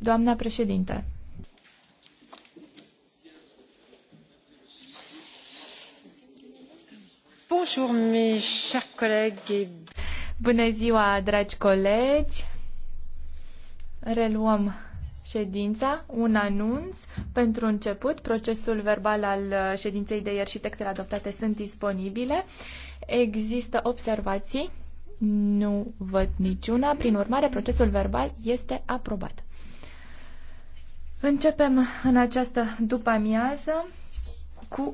doamnă Președintă. Bonjour, mes chers collègues. Bună ziua, dragi colegi. Reluăm ședința, un anunț. Pentru început, procesul verbal al ședinței de ieri și textele adoptate sunt disponibile. Există observații? Nu văd niciuna. Prin urmare, procesul verbal este aprobat. Începem în această după amiază cu